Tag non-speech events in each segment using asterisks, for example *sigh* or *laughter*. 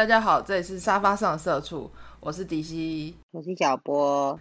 大家好，這裡是沙發上的社畜，我是迪西，我是小波。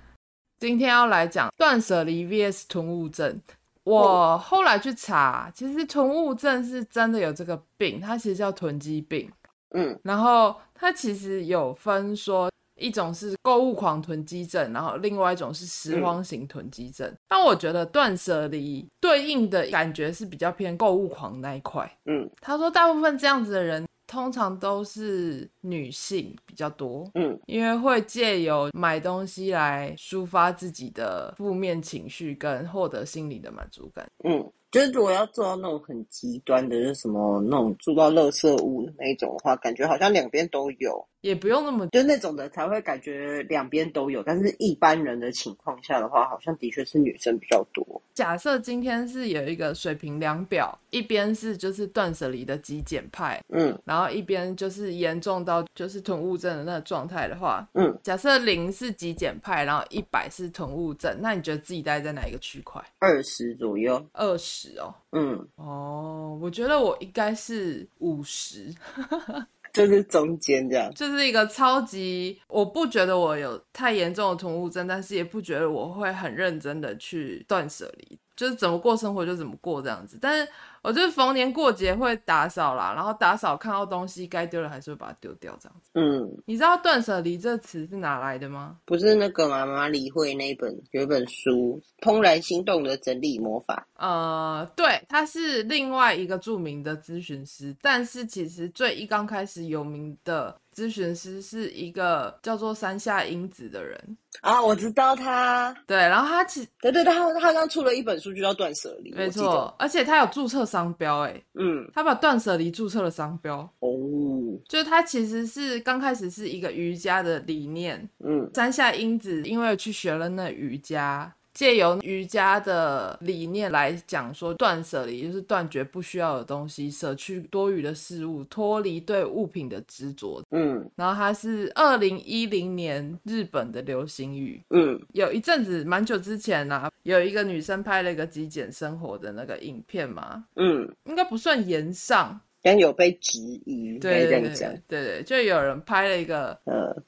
今天要來講斷捨離 vs 囤物症。我後來去查，嗯、其實囤物症是真的有這個病，它其實叫囤積病。嗯，然後它其實有分說一種是購物狂囤積症，然後另外一種是拾荒型囤積症。嗯、但我覺得斷捨離對應的感覺是比較偏購物狂那一塊。嗯，他說大部分這樣子的人。通常都是女性比較多，嗯，因為會借由買東西來抒發自己的負面情緒跟獲得心理的滿足感，嗯，就是如果要做到那種很極端的，就是什麼那種住到垃圾屋的那種的話，感覺好像兩邊都有。也不用那麼，就那種的才會感覺兩邊都有，但是一般人的情況下的話，好像的確是女生比較多。假設今天是有一個水平量表，一邊是就是斷捨離的極簡派，嗯，然後一邊就是嚴重到就是囤物症的那個狀態的話，嗯，假設零是極簡派，然後一百是囤物症，那你覺得自己待在哪一個區塊？二十左右，二十哦，嗯，哦，我覺得我應該是五十。 *laughs* 就是中間這樣，就是一個超級，我不覺得我有太嚴重的囤物症，但是也不覺得我會很認真的去斷捨離。就是怎麼過生活就怎麼過這樣子，但是我就是逢年過節會打掃啦，然後打掃看到東西該丟的還是會把它丟掉這樣子。嗯，你知道“斷捨離”這詞是哪來的嗎？不是那個媽媽理會那一本，有一本書《怦然心動的整理魔法》。呃，對，他是另外一個著名的諮詢師，但是其實最一剛開始有名的。諮詢師是一個叫做山下英子的人啊，我知道他。對，然後他其實對，對對，他他剛出了一本書，就叫《斷捨離》。沒錯，而且他有註冊商標，哎，嗯，他把“斷捨離”註冊了商標。哦，就是他其實是剛開始是一個瑜伽的理念。嗯，山下英子因為去學了那瑜伽，借由瑜伽的理念來講，說斷捨離就是斷絕不需要的東西，捨去多餘的事物，脫離對物品的執着。嗯，然後它是二零一零年日本的流行語。嗯，有一陣子蠻久之前呢、啊，有一個女生拍了一個極簡生活的那個影片嘛。嗯，應該不算炎上，但有被質疑。對，對對對，對，對對，就有人拍了一個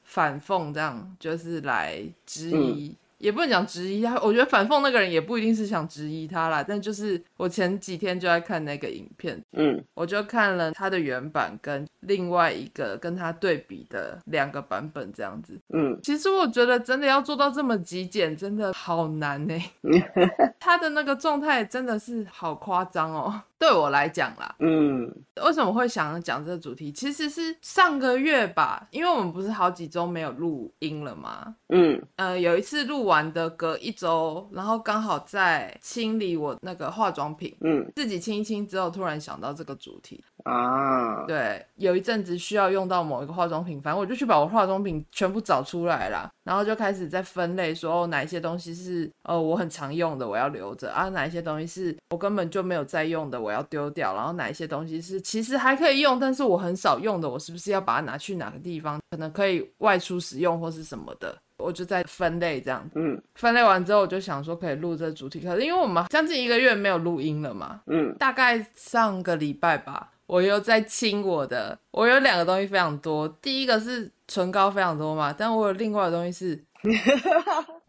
反諷，這樣、嗯、就是來質疑、嗯。也不能講質疑他，我覺得反諷那個人也不一定是想質疑他啦，但就是我前幾天就在看那個影片，嗯，我就看了他的原版跟。另外一個跟他對比的兩個版本這樣子，嗯，其實我覺得真的要做到這麼極簡，真的好難呢、欸。 *laughs* 他的那個狀態真的是好誇張哦，對我來講啦，嗯，為什麼會想講這個主題？其實是上個月吧，因為我們不是好幾周沒有錄音了嗎？嗯，呃，有一次錄完的隔一周，然後剛好在清理我那個化妝品，嗯，自己清一清之後，突然想到這個主題。啊，對，有一陣子需要用到某一個化妝品，反正我就去把我化妝品全部找出來了，然後就開始在分類說，說哦，哪一些東西是呃、哦、我很常用的，我要留着，啊哪一些東西是我根本就沒有在用的，我要丟掉，然後哪一些東西是其實還可以用，但是我很少用的，我是不是要把它拿去哪個地方，可能可以外出使用或是什麼的，我就在分類這樣，嗯，分類完之後我就想說可以錄這個主題，可是因為我們將近一個月沒有錄音了嘛，嗯，大概上個禮拜吧。我又在清我的，我有兩個東西非常多，第一個是唇膏非常多嘛，但我有另外的東西是，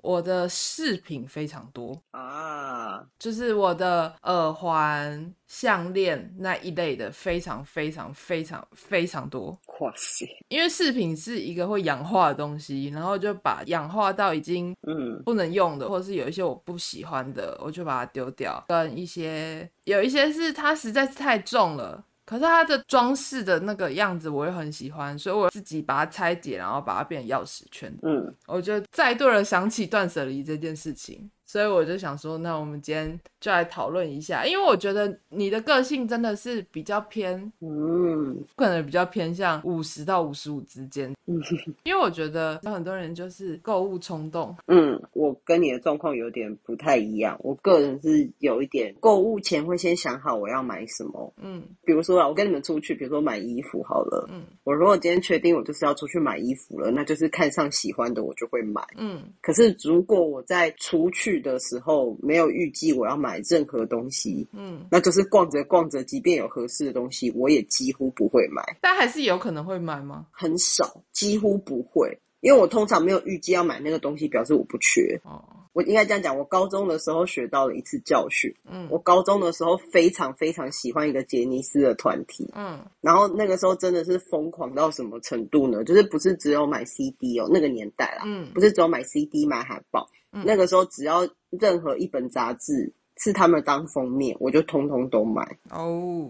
我的飾品非常多啊，就是我的耳環、項鏈那一類的，非常非常非常非常多。哇塞！因為飾品是一個會氧化的東西，然後就把氧化到已經嗯不能用的，或者是有一些我不喜歡的，我就把它丟掉。跟一些有一些是它實在是太重了。可是它的裝飾的那個樣子，我又很喜歡，所以我自己把它拆解，然後把它變成鑰匙圈。嗯，我覺得再度的想起斷捨離這件事情。所以我就想說，那我們今天就來討論一下，因為我覺得你的個性真的是比較偏，嗯，可能比較偏向五十到五十五之間，嗯， *laughs* 因為我覺得有很多人就是購物衝動，嗯，我跟你的狀況有點不太一樣，我個人是有一點嗯，購物前會先想好我要買什麼，嗯，比如說啊，我跟你們出去，比如說買衣服好了，嗯，我如果今天確定我就是要出去買衣服了，那就是看上喜歡的我就會買，嗯，可是如果我在出去的時候沒有預計我要買任何東西，嗯，那就是逛着逛着，即便有合適的東西，我也幾乎不會買。但還是有可能會買嗎？很少，幾乎不會，因為我通常沒有預計要買那個東西，表示我不缺。哦，我應該這樣講，我高中的時候學到了一次教訓。嗯，我高中的時候非常非常喜歡一個傑尼斯的團體，嗯，然後那個時候真的是瘋狂到什麼程度呢？就是不是只有買 CD 喔，那個年代啦，嗯，不是只有買 CD，買海報。那個時候，只要任何一本雜誌是他們當封面，我就通通都買哦，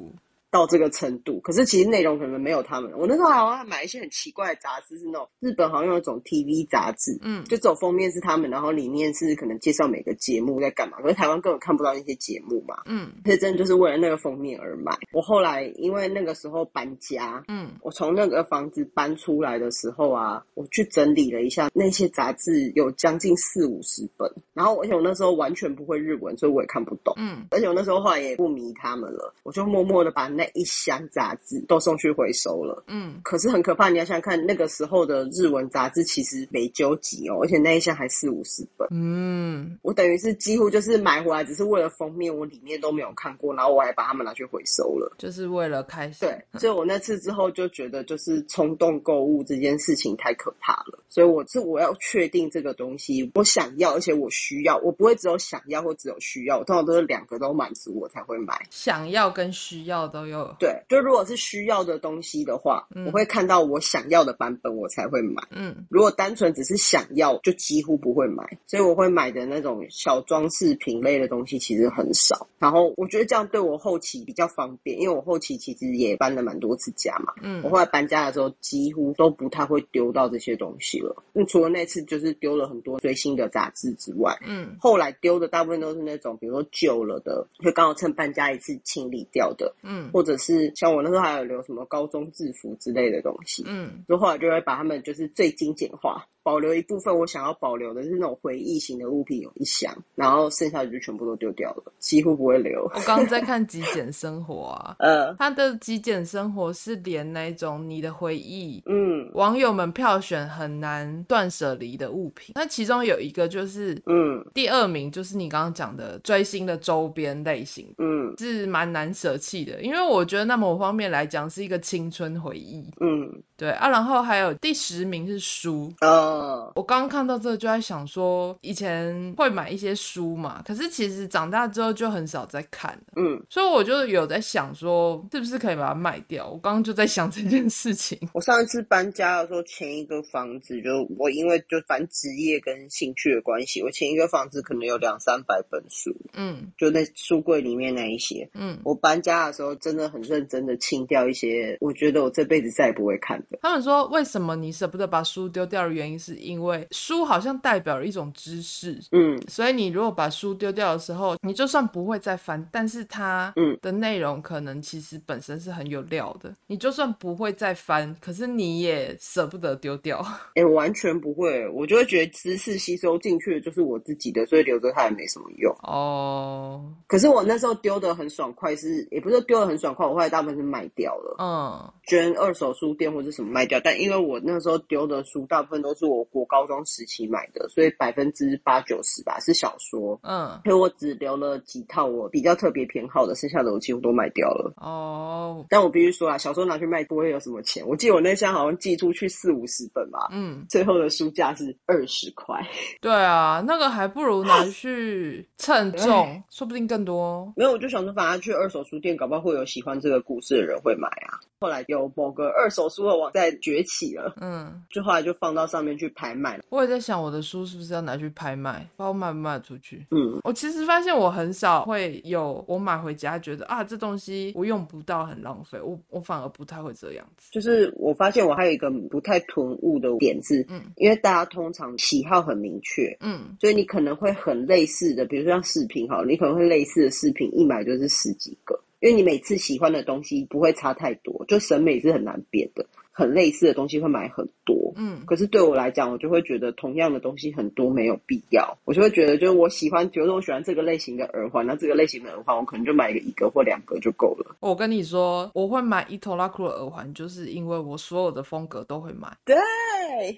到這個程度，可是其實內容可能沒有他們。我那時候好像買一些很奇怪的雜誌，是那種日本好像有一種 TV 雜誌，嗯，就只有封面是他們，然後裡面是可能介紹每個節目在幹嘛。可是台灣根本看不到那些節目嘛，嗯，所以真的就是為了那個封面而買。我後來因為那個時候搬家，嗯，我從那個房子搬出來的時候啊，我去整理了一下那些雜誌，有將近四五十本。然後而且我那時候完全不會日文，所以我也看不懂，嗯，而且我那時候後來也不迷他們了，我就默默的把那。一箱雜誌都送去回收了，嗯，可是很可怕。你要想看那個時候的日文雜誌，其實沒九集哦，而且那一箱還四五十本，嗯，我等於是幾乎就是買回來只是為了封面，我裡面都沒有看過，然後我還把它們拿去回收了，就是為了開箱。對，所以我那次之後就覺得，就是衝動購物這件事情太可怕了。所以我是我要確定這個東西我想要，而且我需要，我不會只有想要或只有需要，我通常都是兩個都滿足我才會買，想要跟需要都有。對，就如果是需要的東西的話，嗯，我會看到我想要的版本，我才會買。嗯，如果單純只是想要，就幾乎不會買。所以我會買的那種小裝飾品類的東西其實很少。然後我覺得這樣對我後期比較方便，因為我後期其實也搬了蠻多次家嘛。嗯，我後來搬家的時候幾乎都不太會丟到這些東西了。那除了那次就是丟了很多最新的雜誌之外，嗯，後來丟的大部分都是那種比如說舊了的，就剛好趁搬家一次清理掉的。嗯，或。或者是像我那時候還有留什麼高中制服之類的東西，嗯，然後來就會把他們就是最精簡化。保留一部分我想要保留的，是那種回憶型的物品，有一箱，然後剩下的就全部都丟掉了，幾乎不會留。 *laughs* 我剛剛在看極簡生活啊，uh, 它他的極簡生活是連那種你的回憶，嗯，網友們票選很難斷捨離的物品，那其中有一個就是，嗯，第二名就是你剛剛講的追星的周邊類型，嗯，是蠻難舍棄的，因為我覺得那某方面來講是一個青春回憶，嗯，對啊，然後還有第十名是書，uh, 嗯，我剛剛看到這個就在想說，以前會買一些書嘛，可是其實長大之後就很少在看了。嗯，所以我就有在想說，是不是可以把它賣掉？我剛剛就在想這件事情。我上一次搬家的時候，前一個房子就，就我因為就反正職業跟興趣的關係，我前一個房子可能有兩三百本書。嗯，就那書櫃裡面那一些。嗯，我搬家的時候真的很認真的清掉一些，我覺得我這輩子再也不會看的。他們說，為什麼你捨不得把書丟掉的原因？是因為書好像代表了一種知識，嗯，所以你如果把書丟掉的時候，你就算不會再翻，但是它嗯的內容可能其實本身是很有料的，嗯、你就算不會再翻，可是你也舍不得丟掉。哎、欸，完全不會，我就會覺得知識吸收進去的就是我自己的，所以留着它也沒什麼用。哦，可是我那時候丟的很爽快是，是也不是丟的很爽快，我後來大部分是賣掉了，嗯，捐二手書店或者什麼賣掉，但因為我那時候丟的書大部分都是。我國高中時期買的，所以百分之八九十吧是小說，嗯，所以我只留了幾套我比較特別偏好的，剩下的我幾乎都賣掉了。哦，但我必須說啊，小說拿去賣不會有什麼錢。我記得我那箱好像寄出去四五十本吧，嗯，最後的書價是二十塊。對啊，那個還不如拿去稱、啊、重，嗯、說不定更多。沒有，我就想說，反正去二手書店，搞不好會有喜歡這個故事的人會買啊。後來有某個二手書的網站崛起了，嗯，就後來就放到上面去拍賣。我也在想，我的書是不是要拿去拍賣，把我買賣出去？嗯，我其實發現我很少會有我買回家覺得啊，這東西我用不到，很浪費。我我反而不太會這樣子。就是我發現我還有一個不太囤物的點子，嗯，因為大家通常喜好很明確，嗯，所以你可能會很類似的，比如說像飾品哈，你可能會類似的飾品一買就是十幾個。因為你每次喜歡的東西不會差太多，就審美是很難變的。很類似的東西會買很多，嗯，可是對我來講，我就會覺得同樣的東西很多沒有必要，我就會覺得就是我喜歡，比如說我喜歡這個類型的耳環，那這個類型的耳環我可能就買一個一個或兩個就夠了。我跟你說，我會買一拖拉庫的耳環，就是因為我所有的風格都會買。對，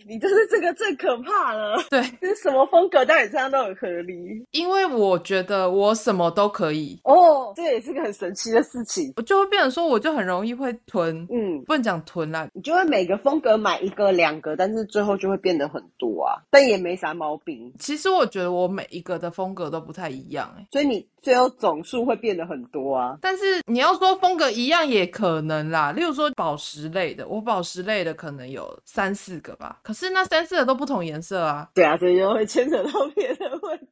你就是這個最可怕了，對，這是什麼風格戴你身上都很合理，因為我覺得我什麼都可以。哦，這也是個很神奇的事情，我就會變成說，我就很容易會囤，嗯，不能講囤啦。就會每個風格買一個、兩個，但是最後就會變得很多啊，但也沒啥毛病。其實我覺得我每一個的風格都不太一樣，欸，所以你最後總數會變得很多啊。但是你要說風格一樣，也可能啦。例如說寶石類的，我寶石類的可能有三四個吧，可是那三四個都不同顏色啊。對啊，所以就會牽扯到別的問題。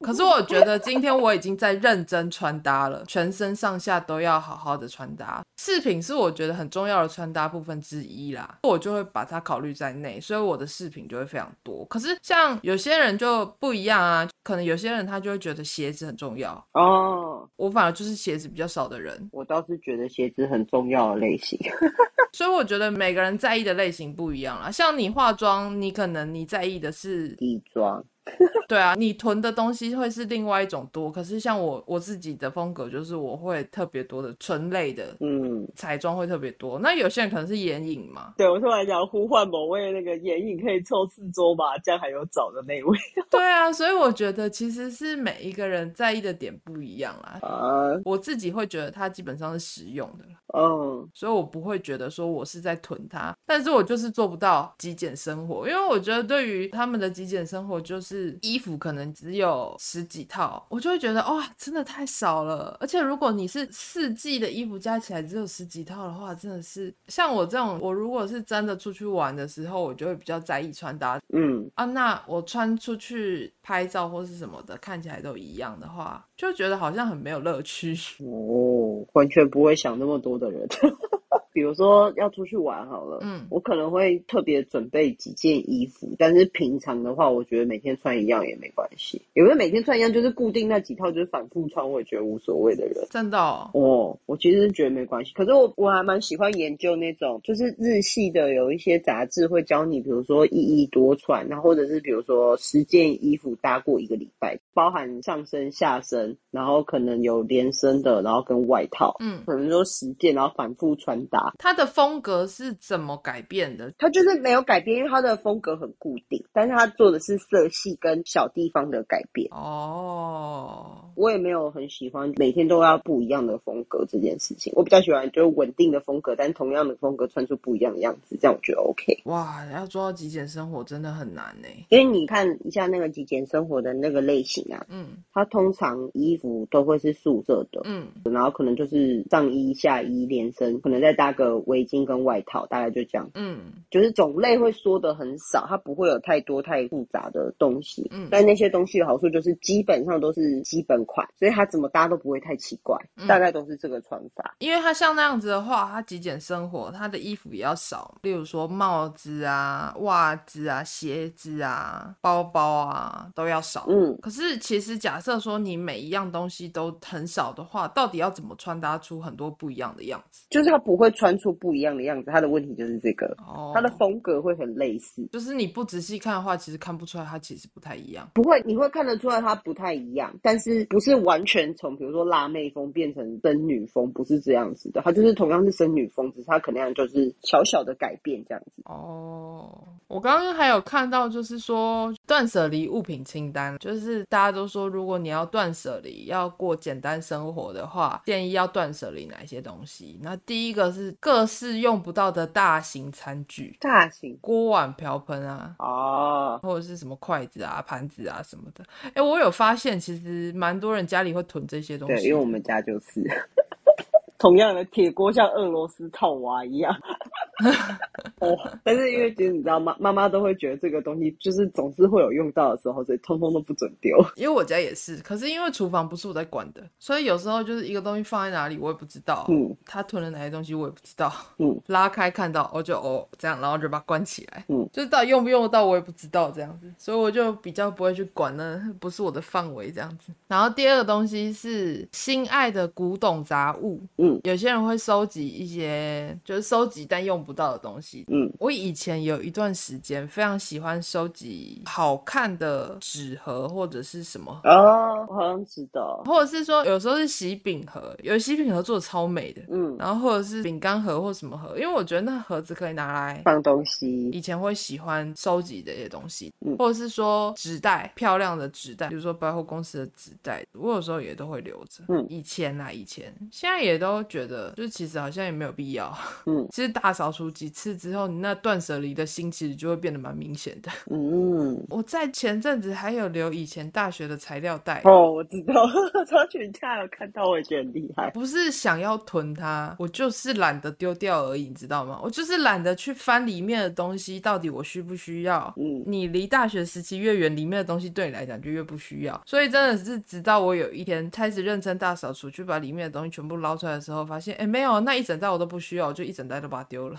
可是我覺得今天我已經在認真穿搭了，全身上下都要好好的穿搭。飾品是我覺得很重要的穿搭部分之一啦，我就會把它考慮在內，所以我的飾品就會非常多。可是像有些人就不一樣啊，可能有些人他就會覺得鞋子很重要哦。Oh, 我反而就是鞋子比較少的人，我倒是覺得鞋子很重要的類型。 *laughs* 所以我覺得每個人在意的類型不一樣啦。像你化妝，你可能你在意的是底妝。地 *laughs* 對啊，你囤的東西會是另外一種多。可是像我，我自己的風格就是我會特別多的純類的，嗯。彩妝會特別多，那有些人可能是眼影嘛。對我突然講，呼喚某位那個眼影可以湊四桌吧，這樣還有找的那位。 *laughs* 對啊，所以我覺得其實是每一個人在意的點不一樣啦。啊，uh, 我自己會覺得它基本上是實用的。嗯，uh, 所以我不會覺得說我是在囤它，但是我就是做不到極簡生活，因為我覺得對於他們的極簡生活，就是衣服可能只有十幾套，我就會覺得哇、哦，真的太少了。而且如果你是四季的衣服加起來只有。十幾套的話，真的是像我這種，我如果是真的出去玩的時候，我就會比較在意穿搭。嗯啊，那我穿出去拍照或是什麼的，看起來都一樣的話。就覺得好像很沒有樂趣哦，完全不會想那麼多的人。 *laughs* 比如說要出去玩好了，嗯，我可能會特別準備幾件衣服，但是平常的話，我覺得每天穿一樣也沒關係。有沒有每天穿一樣，就是固定那幾套，就是反覆穿，我也覺得無所謂的人？真的哦？哦，我其實是覺得沒關係。可是我我還蠻喜歡研究那種，就是日系的有一些雜誌會教你，比如說一衣多穿，然後或者是比如說十件衣服搭過一個禮拜，包含上身、下身。然後可能有連身的，然後跟外套，嗯，可能說十件，然後反覆穿搭。他的風格是怎麼改變的？他就是沒有改變，因為他的風格很固定，但是他做的是色系跟小地方的改變。哦。我也沒有很喜歡每天都要不一樣的風格這件事情。我比較喜歡就是穩定的風格，但同樣的風格穿出不一樣的樣子，這樣我覺得 OK。哇，要做到極簡生活真的很難欸。因為你看一下那個極簡生活的那個類型啊，嗯，它，通常衣服都會是素色的，嗯，然後可能就是上衣、下衣、連身，可能再搭個圍巾跟外套，大概就這樣，嗯，就是種類會縮的很少，它不會有太多太複雜的東西，嗯，但那些東西的好處就是基本上都是基本款，所以他怎麼搭都不會太奇怪，嗯、大概都是這個穿法。因為他像那樣子的話，他極簡生活，他的衣服也要少，例如說帽子啊、襪子啊、鞋子啊、包包啊都要少。嗯，可是其實假設說你每一樣東西都很少的話，到底要怎麼穿搭出很多不一樣的樣子？就是他不會穿出不一樣的樣子，他的問題就是這個，哦、他的風格會很類似，就是你不仔細看的話，其實看不出來他其實不太一樣。不會，你會看得出來他不太一樣，但是。不是完全從比如說辣妹風變成森女風，不是這樣子的，它，就是同樣是森女風，只是它可能就是小小的改變這樣子。哦，oh, 我剛剛還有看到就是說斷捨離物品清單，就是大家都說如果你要斷捨離，要過簡單生活的話，建議要斷捨離哪一些東西？那第一個是各式用不到的大型餐具，大型鍋碗瓢盆啊，啊，oh. 或者是什麼筷子啊、盤子啊什麼的。哎、欸，我有發現其實蠻多。多人家裡會囤這些東西，對，因為我們家就是，同樣的鐵鍋像俄羅斯套娃一樣。 *laughs* 哦、嗯，但是因為其實你知道，媽媽媽都會覺得這個東西就是總是會有用到的時候，所以通通都不准丟。因為我家也是，可是因為廚房不是我在管的，所以有時候就是一個東西放在哪裡我也不知道，嗯，他囤了哪些東西我也不知道，嗯，拉開看到哦就哦這樣，然後就把它關起來，嗯，就是到底用不用得到我也不知道這樣子，所以我就比較不會去管，那不是我的範圍這樣子。然後第二個東西是心愛的古董雜物，嗯，有些人會收集一些就是收集但用不到的東西。嗯，我以前有一段時間非常喜歡收集好看的紙盒或者是什麼盒，哦，我好像知道。或者是說有時候是喜餅盒，有喜餅盒做的超美的，嗯，然後或者是餅乾盒或什麼盒，因為我覺得那盒子可以拿來放東西。以前會喜歡收集的這些東西，東西或者是說紙袋，漂亮的紙袋，比如說百貨公司的紙袋，我有時候也都會留着。嗯，以前啊，以前。現在也都覺得，就是其實好像也沒有必要。嗯，其實大掃除幾次之後。然後你那斷捨離的心其實就會變得蠻明顯的，嗯。嗯，我在前陣子還有留以前大學的材料袋。哦，我知道， *laughs* 超去你家有看到，我也覺得很厲害。不是想要囤它，我就是懶得丟掉而已，你知道嗎？我就是懶得去翻裡面的東西，到底我需不需要？嗯，你離大學時期越遠，裡面的東西對你來講就越不需要。所以真的是直到我有一天開始認真大掃除，去把裡面的東西全部撈出來的時候，發現，哎、欸，沒有那一整袋我都不需要，我就一整袋都把它丟了。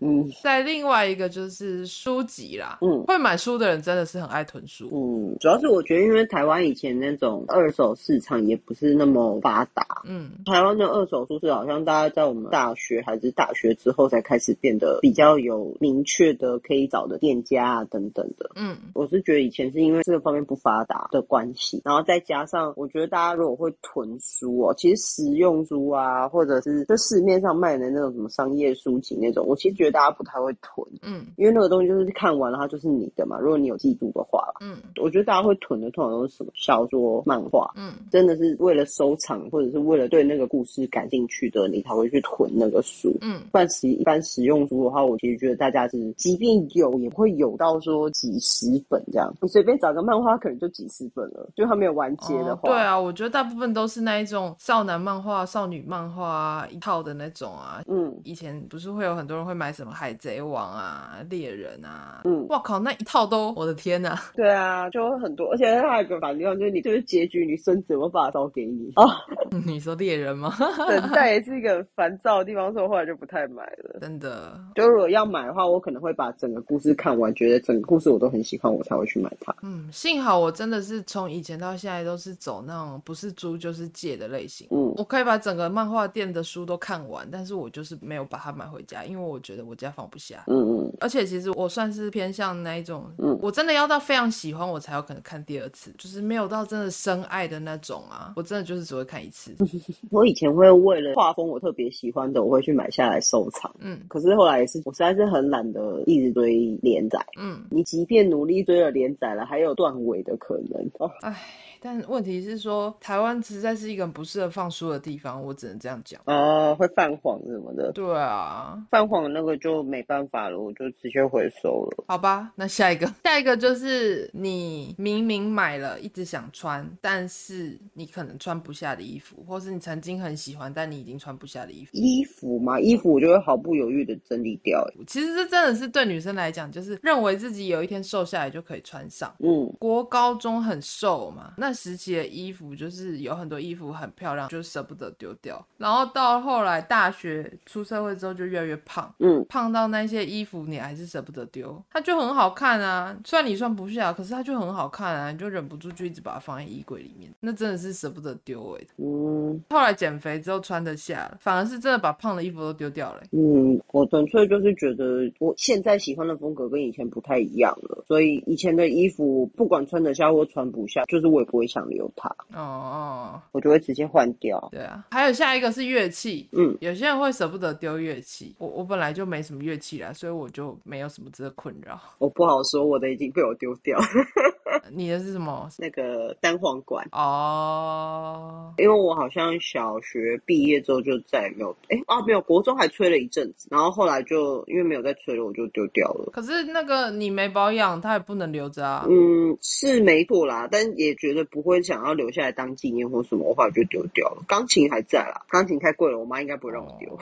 嗯。在另外一個就是書籍啦，嗯，會買書的人真的是很愛囤書，嗯，主要是我覺得因為台灣以前那種二手市場也不是那麼發達，嗯，台灣的二手書是好像大家在我們大學還是大學之後才開始變得比較有明確的可以找的店家啊等等的，嗯，我是覺得以前是因為這個方面不發達的關係，然後再加上我覺得大家如果會囤書哦、啊，其實實用書啊，或者是在市面上賣的那種什麼商業書籍那種，我其實覺得大家。才會囤，嗯，因為那個東西就是看完了，它就是你的嘛。如果你有記住的話，嗯，我覺得大家會囤的通常都是什麼小說、漫畫，嗯，真的是為了收藏或者是為了對那個故事感興趣的，你才會去囤那個書。嗯，但其實一般實用書的話，我其實覺得大家是，即便有也會有到說幾十本這樣。你隨便找個漫畫，可能就幾十本了，就還沒有完結的話、哦。對啊，我覺得大部分都是那一種少男漫畫、少女漫畫一套的那種啊。嗯，以前不是會有很多人會買什麼海賊王啊，獵人啊，嗯，哇靠，那一套都，我的天吶、啊，對啊，就很多，而且他還有一個反正就是你就是結局，你孫子有沒有把它都給你啊？哦嗯，你說獵人嗎？ *laughs* 等待也是一個很煩躁的地方，所以我後來就不太買了，真的，就如果要買的話，我可能會把整個故事看完，覺得整個故事我都很喜歡，我才會去買它。嗯，幸好我真的是從以前到現在都是走那種不是租就是借的類型，嗯，我可以把整個漫畫店的書都看完，但是我就是沒有把它買回家，因為我覺得我家房不下，嗯嗯，而且其實我算是偏向那一種，嗯，我真的要到非常喜歡我才有可能看第二次，就是沒有到真的深愛的那種啊，我真的就是只會看一次。 *laughs* 我以前會為了畫風我特別喜歡的，我會去買下來收藏，嗯，可是後來也是，我實在是很懶得一直追連載，嗯，你即便努力追了連載了，還有斷尾的可能，哎 *laughs* 但問題是說，台灣實在是一個不適合放書的地方，我只能這樣講。哦，會泛黃什麼的。對啊，泛黃那個就沒辦法了，我就直接回收了。好吧，那下一個，下一個就是你明明買了一直想穿，但是你可能穿不下的衣服，或是你曾經很喜歡但你已經穿不下的衣服。衣服嘛，衣服我就會毫不猶豫的整理掉。其實這真的是對女生來講，就是認為自己有一天瘦下來就可以穿上。嗯，國高中很瘦嘛，那。時期的衣服就是有很多衣服很漂亮，就捨不得丟掉。然後到後來大學出社會之後就越來越胖。嗯，胖到那些衣服你還是捨不得丟，它就很好看啊。算你穿不下，可是它就很好看啊，你就忍不住就一直把它放在衣櫃裡面，那真的是捨不得丟哎。嗯，後來減肥之後穿得下了，反而是真的把胖的衣服都丟掉了，欸。嗯，我純粹就是覺得我現在喜歡的風格跟以前不太一樣了，所以以前的衣服不管穿得下或穿不下，就是我也不會。想留它哦，哦，我就會直接換掉。對啊，還有下一個是樂器，嗯，有些人會捨不得丟樂器，我我本來就沒什麼樂器啦，所以我就沒有什麼值得困擾。我不好說，我的已經被我丟掉。 *laughs* *laughs* 你的是什麼？那個單簧管哦，oh. 因為我好像小學畢業之後就再也沒有哎、欸、啊，沒有國中還吹了一陣子，然後後來就因為沒有再吹了，我就丟掉了。可是那個你沒保養，它也不能留着啊。嗯，是沒錯啦，但也覺得不會想要留下來當紀念或什麼的話，我後來就丟掉了。鋼琴還在啦，鋼琴太貴了，我媽應該不會讓我丟。 *laughs* oh.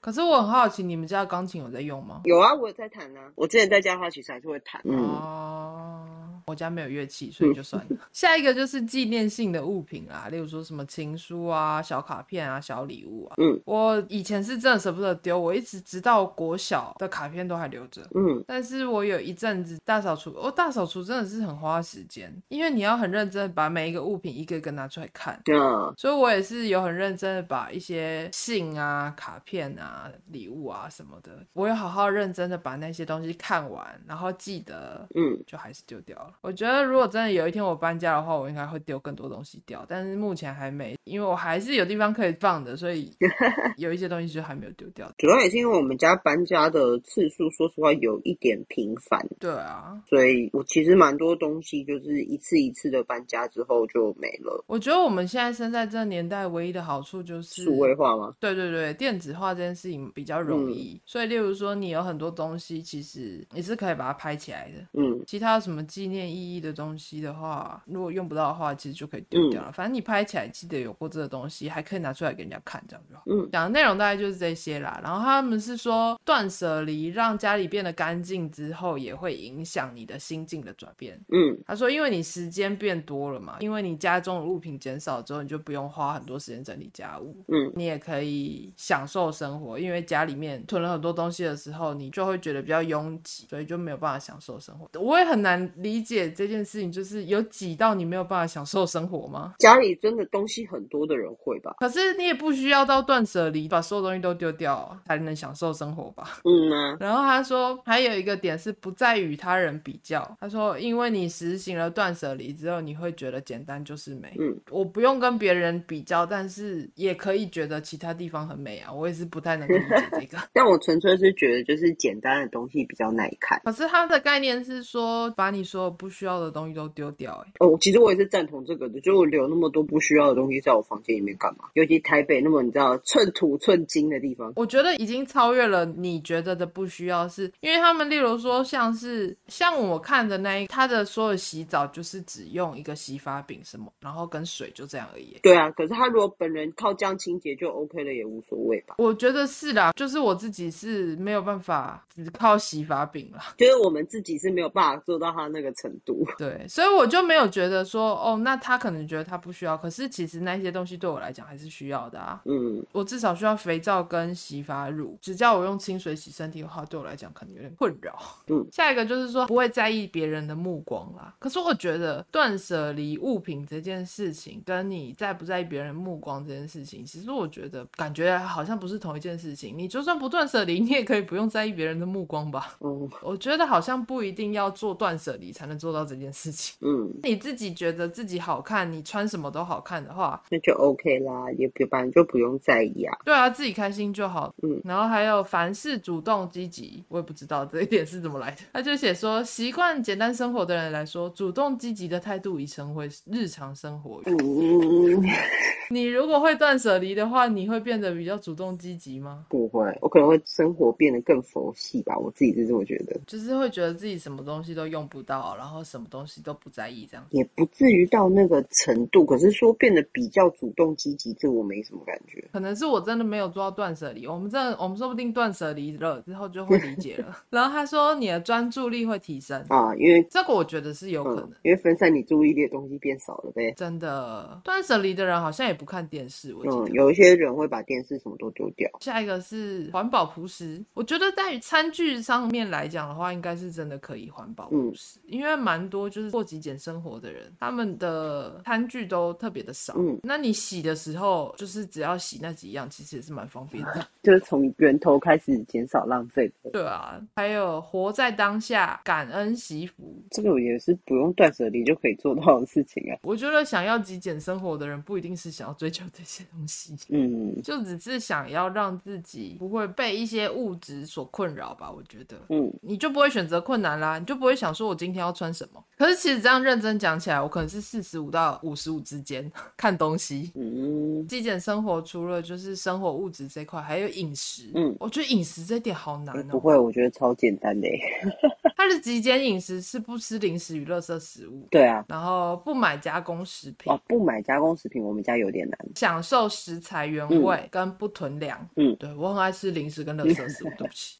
可是我很好奇，你們家的鋼琴有在用嗎？有啊，我有在彈呢、啊。我之前在家的話，其實還是會彈。哦、oh. 嗯。Oh. 我家沒有樂器，所以就算了。 *laughs* 下一個就是紀念性的物品啊，例如說什麼情書啊、小卡片啊、小禮物啊。嗯，我以前是真的捨不得丟，我一直直到國小的卡片都還留着。嗯，但是我有一陣子大掃除，哦，大掃除真的是很花時間，因為你要很認真的把每一個物品一個一個拿出來看。對啊，嗯，所以我也是有很認真的把一些信啊、卡片啊、禮物啊什麼的，我有好好認真的把那些東西看完，然後記得，嗯，就還是丟掉了。我覺得如果真的有一天我搬家的話，我應該會丟更多東西掉，但是目前還沒，因為我還是有地方可以放的，所以有一些東西就還沒有丟掉。 *laughs* 主要也是因為我們家搬家的次數，說實話有一點頻繁。對啊，所以我其實蠻多東西就是一次一次的搬家之後就沒了。我覺得我們現在生在這年代，唯一的好處就是數位化嘛，對對對，電子化這件事情比較容易。嗯、所以例如說，你有很多東西，其實你是可以把它拍起來的。嗯，其他有什麼紀念、意義的東西的話，如果用不到的話，其實就可以丟掉了。反正你拍起來記得有過這個東西，還可以拿出來給人家看，這樣就好。嗯，講的內容大概就是這些啦。然後他們是說斷捨離，讓家裡變得乾淨之後，也會影響你的心境的轉變。嗯，他說，因為你時間變多了嘛，因為你家中的物品減少之後，你就不用花很多時間整理家務。嗯，你也可以享受生活，因為家裡面囤了很多東西的時候，你就會覺得比較擁擠，所以就沒有辦法享受生活。我也很難理解。這件事情就是有擠到你沒有辦法享受生活嗎？家裡真的東西很多的人會吧，可是你也不需要到斷捨離，把所有東西都丟掉才能享受生活吧？嗯啊。然後他說還有一個點是不再與他人比較。他說因為你實行了斷捨離之後，你會覺得簡單就是美。嗯，我不用跟別人比較，但是也可以覺得其他地方很美啊。我也是不太能理解這個， *laughs* 但我純粹是覺得就是簡單的東西比較耐看。可是他的概念是說把你說。不需要的東西都丟掉哎、欸、哦，其實我也是贊同這個的，就我留那麼多不需要的東西在我房間裡面幹嘛？尤其台北那麼你知道寸土寸金的地方，我覺得已經超越了你覺得的不需要，是因為他們，例如說像是像我看的那一，他的所有洗澡就是只用一個洗髮餅什麼，然後跟水就這樣而已、欸。對啊，可是他如果本人靠這樣清潔就 OK 了，也無所謂吧？我覺得是啦、啊，就是我自己是沒有辦法只靠洗髮餅啦。就是我們自己是沒有辦法做到他那個程度。對，所以我就沒有覺得說，哦，那他可能覺得他不需要，可是其實那些東西對我來講還是需要的啊。嗯，我至少需要肥皂跟洗髮乳，只叫我用清水洗身體的話，對我來講可能有點困擾。嗯，下一個就是說不會在意別人的目光啦。可是我覺得斷捨離物品這件事情，跟你在不在意別人目光這件事情，其實我覺得感覺好像不是同一件事情。你就算不斷捨離，你也可以不用在意別人的目光吧。嗯，我覺得好像不一定要做斷捨離才能做到這件事情，嗯， *laughs* 你自己覺得自己好看，你穿什麼都好看的話，那就 OK 啦，也一般就不用在意啊。對啊，自己開心就好，嗯。然後還有凡事主動積極，我也不知道這一點是怎麼來的。他就寫說，習慣簡單生活的人來說，主動積極的態度已成為日常生活。嗯 *laughs* 你如果會斷舍離的話，你會變得比較主動積極嗎？不會，我可能會生活變得更佛系吧。我自己是這麼覺得，就是會覺得自己什麼東西都用不到了。然後什麼東西都不在意，這樣也不至於到那個程度。可是說變得比較主動積極，這我沒什麼感覺。可能是我真的沒有做到斷捨離。我們這我們說不定斷捨離了之後就會理解了。 *laughs* 然後他說你的專注力會提升啊，因爲這個我覺得是有可能、嗯，因爲分散你注意力的東西變少了唄。真的，斷捨離的人好像也不看電視，我記得、嗯、有一些人會把電視什麼都丟掉。下一個是環保樸實，我覺得在於餐具上面來講的話，應該是真的可以環保樸實，嗯、因爲。蠻多就是過極簡生活的人，他們的餐具都特別的少。嗯，那你洗的時候，就是只要洗那幾樣，其實也是蠻方便的。啊，就是從源頭開始減少浪費。對啊，還有活在當下、感恩惜福，這個也是不用斷捨離就可以做到的事情啊。我覺得想要極簡生活的人，不一定是想要追求這些東西。嗯，就只是想要讓自己不會被一些物質所困擾吧。我覺得，嗯，你就不會選擇困難啦，你就不會想說我今天要穿。什麼？可是其實這樣認真講起來，我可能是四十五到五十五之間看東西。嗯，極簡生活除了就是生活物質這塊，還有飲食。嗯，我覺得飲食這一點好難哦、欸。不會，我覺得超簡單的。 *laughs* 他的極簡飲食，是不吃零食與垃圾食物。對啊，然後不買加工食品。哦，不買加工食品，我們家有點難。享受食材原味跟不囤糧。嗯，對我很愛吃零食跟垃圾食物，嗯、對不起，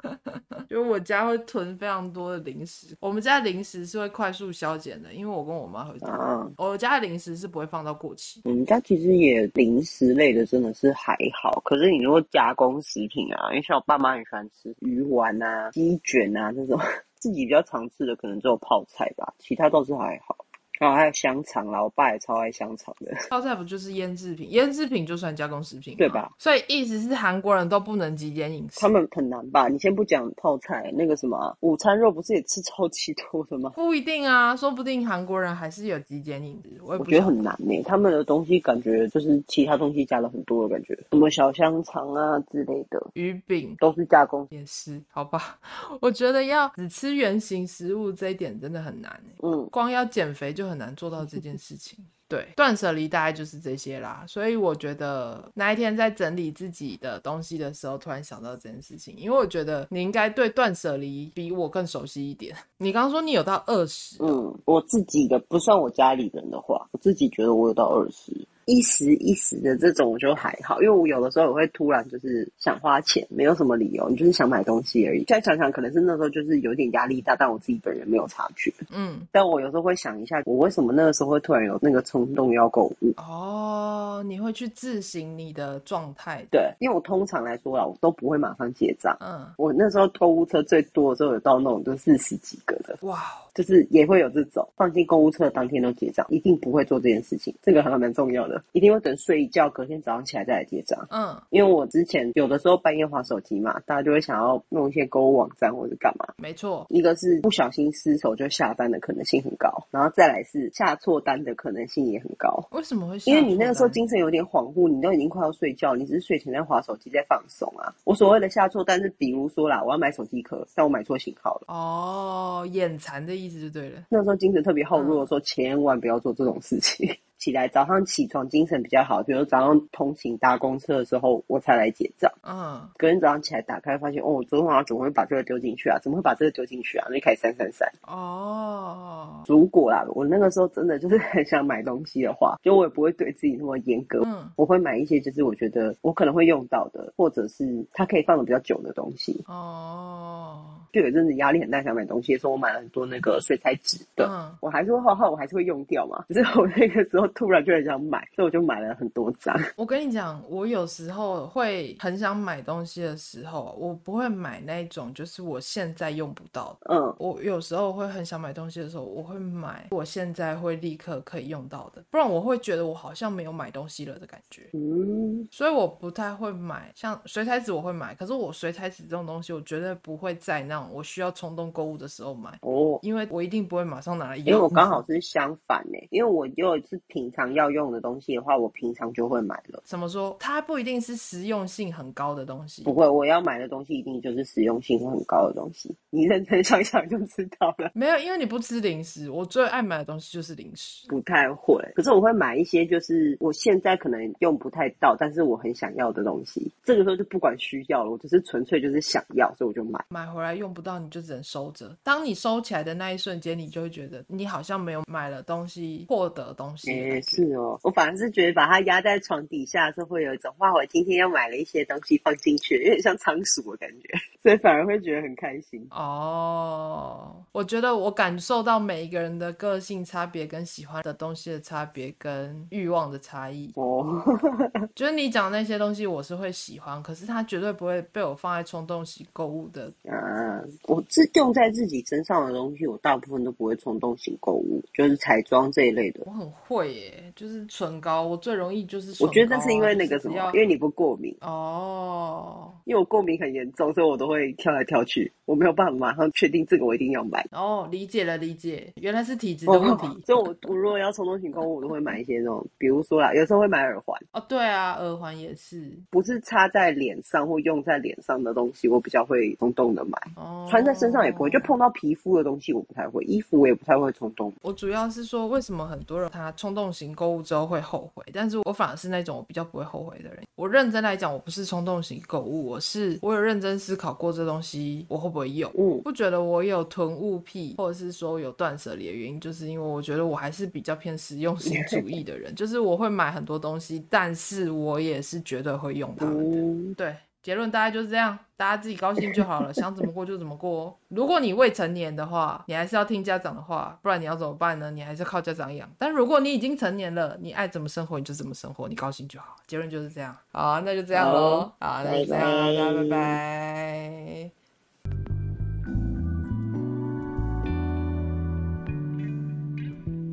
因 *laughs* 為我家會囤非常多的零食。我們家的零食是會快速消減的，因為我跟我媽會嗯，啊啊我家的零食是不會放到過期。我們家其實也零食類的真的是還好，可是你如果加工食品啊，因為像我爸媽很喜歡吃魚丸啊、雞卷啊這種。自己比較常吃的可能只有泡菜吧，其他倒是還好。然後、哦、還有香腸，我爸也超愛香腸的。泡菜不就是醃製品？醃製品就算加工食品，對吧？所以意思是韓國人都不能極簡飲食？他們很難吧？你先不講泡菜那個什麼、啊、午餐肉，不是也吃超級多的嗎？不一定啊，說不定韓國人還是有極簡飲食。我，也不我覺得很難呢、欸，他們的東西感覺就是其他東西加了很多的感覺，什麼小香腸啊之類的魚餅餅都是加工也是，好吧？ *laughs* 我覺得要只吃原型食物這一點真的很難、欸。嗯，光要減肥就。就很難做到這件事情。對，斷捨離大概就是這些啦。所以我覺得那一天在整理自己的東西的時候，突然想到這件事情，因為我覺得你應該對斷捨離比我更熟悉一點。你剛剛說你有到二十喔？嗯，我自己的不算我家裡人的話，我自己覺得我有到二十。一時一時的這種，我就還好，因為我有的時候我會突然就是想花錢，沒有什麼理由，你就是想買東西而已。再想想，可能是那時候就是有點壓力大，但我自己本人沒有察覺。嗯，但我有時候會想一下，我為什麼那個時候會突然有那個衝動要購物？哦，你會去自行你的狀態？對，因為我通常來說啦，我都不會馬上結賬。嗯，我那時候購物車最多的時候有到那種就四十幾個的。哇，就是也會有這種放進購物車當天都結賬，一定不會做這件事情，這個還蠻重要的。一定會等睡一覺，隔天早上起來再來結賬。嗯，因為我之前有的時候半夜滑手機嘛，大家就會想要弄一些購物網站或者幹嘛。沒錯，一個是不小心失手就下單的可能性很高，然後再來是下錯單的可能性也很高。為什麼會？因為你那個時候精神有點恍惚，你都已經快要睡覺，你只是睡前在滑手機在放鬆啊。我所謂的下錯單，是比如說啦，我要買手機殼，但我買錯型號了。哦，眼殘的意思就對了。那時候精神特別耗弱，如果說千萬不要做這種事情。起來，早上起床精神比較好。比如早上通勤搭公車的時候，我才來結賬。嗯，uh, 隔天早上起來打開，發現哦，我昨天晚、啊、上怎麼會把這個丟進去啊？怎麼會把這個丟進去啊？就開始刪刪刪哦，如、oh, 果啦，我那個時候真的就是很想買東西的話，就我也不會對自己那麼嚴格。嗯，uh, 我會買一些就是我覺得我可能會用到的，或者是它可以放的比較久的東西。哦。Oh, 這個真的壓力很大，想買東西，所以，我買了很多那個水彩紙的。嗯，我還是會畫畫，我還是會用掉嘛。只是我那個時候突然就很想買，所以我就買了很多張。我跟你講，我有時候會很想買東西的時候，我不會買那種就是我現在用不到的。嗯。我有時候會很想買東西的時候，我會買我現在會立刻可以用到的，不然我會覺得我好像沒有買東西了的感覺。嗯。所以我不太會買，像水彩紙我會買，可是我水彩紙這種東西，我絕對不會再那種。我需要衝動購物的時候買哦，因為我一定不會馬上拿來用，因為我剛好是相反呢、欸。因為我又是平常要用的東西的話，我平常就會買了。怎麼說？它不一定是實用性很高的東西。不會，我要買的東西一定就是實用性很高的東西。你認真想一想就知道了。沒有，因為你不吃零食，我最愛買的東西就是零食。不太會，可是我會買一些就是我現在可能用不太到，但是我很想要的東西。這個時候就不管需要了，我只是純粹就是想要，所以我就買，買回來用。不到你就只能收着。當你收起來的那一瞬間，你就會覺得你好像沒有買了東西，獲得東西。也、欸、是哦，我反而是覺得把它壓在床底下就會有一種哇，我今天又買了一些東西放進去，有點像倉鼠的感覺，所以反而會覺得很開心。哦，我覺得我感受到每一個人的個性差別，跟喜歡的東西的差別，跟慾望的差異。哦， *laughs* 就是你講的那些東西，我是會喜歡，可是它絕對不會被我放在衝動型購物的。啊我自用在自己身上的東西，我大部分都不會衝動型購物，就是彩妝這一類的。我很會耶、欸，就是唇膏，我最容易就是、啊、我覺得這是因為那個什麼，因為你不過敏哦，因為我過敏很嚴重，所以我都會挑來挑去。我沒有辦法馬上確定這個，我一定要買。哦，理解了，理解，原來是體質的問題。哦哦、所以我，我我如果要衝動型購物，我都會買一些那種，比如說啦，有時候會買耳環哦。對啊，耳環也是，不是擦在臉上或用在臉上的東西，我比較會衝動的買。哦、穿在身上也不會，就碰到皮膚的東西，我不太會。衣服我也不太會衝動。我主要是說，為什麼很多人他衝動型購物之後會後悔，但是我反而是那種我比較不會後悔的人。我認真來講，我不是衝動型購物，我是我有認真思考過這東西，我後。會有，不覺得我有囤物癖，或者是說有斷捨離的原因，就是因為我覺得我還是比較偏實用性主義的人，就是我會買很多東西，但是我也是絕對會用它。對，對，結論大概就是這樣，大家自己高興就好了，想怎麼過就怎麼過。如果你未成年的話，你還是要聽家長的話，不然你要怎麼辦呢？你還是靠家長養。但如果你已經成年了，你愛怎麼生活你就怎麼生活，你高興就好。結論就是這樣。好，那就這樣嘍。好，哦，好，那就這樣，拜拜。拜拜拜拜。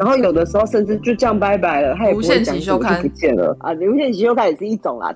然後有的時候甚至就這樣拜拜了，他也不會講說，我就不見了啊！無限期休刊也是一種啦。